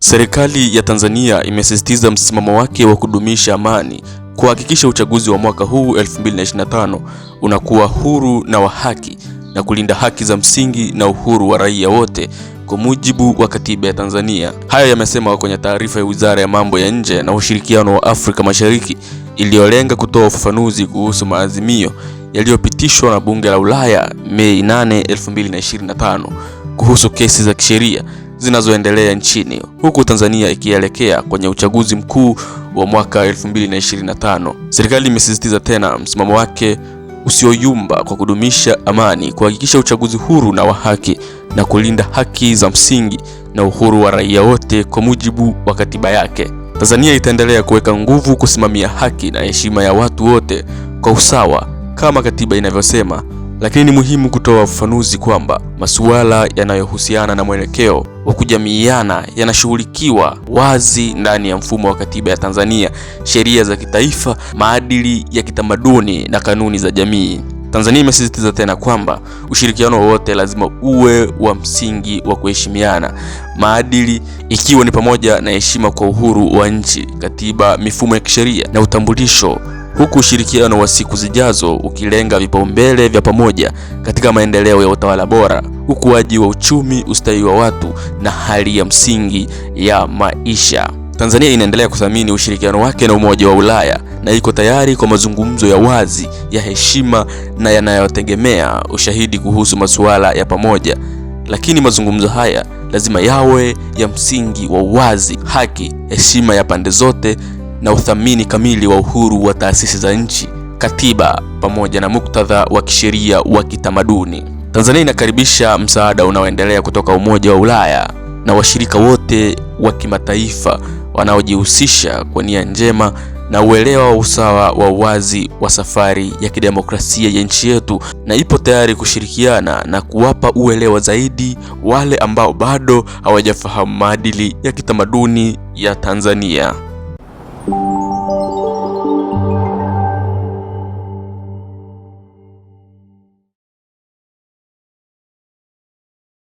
Serikali ya Tanzania imesisitiza msimamo wake wa kudumisha amani, kuhakikisha uchaguzi wa mwaka huu 2025 unakuwa huru na wa haki na kulinda haki za msingi na uhuru wa raia wote kwa mujibu wa katiba ya Tanzania. Hayo yamesema kwenye taarifa ya Wizara ya Mambo ya Nje na Ushirikiano wa Afrika Mashariki iliyolenga kutoa ufafanuzi kuhusu maazimio yaliyopitishwa na Bunge la Ulaya Mei 8, 2025 kuhusu kesi za kisheria zinazoendelea nchini huku Tanzania ikielekea kwenye uchaguzi mkuu wa mwaka 2025. Serikali imesisitiza tena msimamo wake usioyumba kwa kudumisha amani, kuhakikisha uchaguzi huru na wa haki na kulinda haki za msingi na uhuru wa raia wote kwa mujibu wa katiba yake. Tanzania itaendelea kuweka nguvu kusimamia haki na heshima ya watu wote kwa usawa kama katiba inavyosema. Lakini ni muhimu kutoa ufafanuzi kwamba masuala yanayohusiana na mwelekeo wa kujamiiana yanashughulikiwa wazi ndani ya mfumo wa katiba ya Tanzania, sheria za kitaifa, maadili ya kitamaduni na kanuni za jamii. Tanzania imesisitiza tena kwamba ushirikiano wowote lazima uwe wa msingi wa kuheshimiana, maadili ikiwa ni pamoja na heshima kwa uhuru wa nchi, katiba, mifumo ya kisheria na utambulisho huku ushirikiano wa siku zijazo ukilenga vipaumbele vya pamoja katika maendeleo ya utawala bora, ukuaji wa uchumi, ustawi wa watu na hali ya msingi ya maisha. Tanzania inaendelea kuthamini ushirikiano wake na Umoja wa Ulaya na iko tayari kwa mazungumzo ya wazi, ya heshima na yanayotegemea ushahidi kuhusu masuala ya pamoja. Lakini mazungumzo haya lazima yawe ya msingi wa wazi haki, heshima ya pande zote na uthamini kamili wa uhuru wa taasisi za nchi, katiba pamoja na muktadha wa kisheria wa kitamaduni. Tanzania inakaribisha msaada unaoendelea kutoka Umoja wa Ulaya na washirika wote wa kimataifa wanaojihusisha kwa nia njema na uelewa wa usawa wa uwazi wa safari ya kidemokrasia ya nchi yetu, na ipo tayari kushirikiana na kuwapa uelewa zaidi wale ambao bado hawajafahamu maadili ya kitamaduni ya Tanzania. you